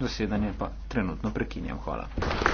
zasedanje pa trenutno prekinjam. Hvala.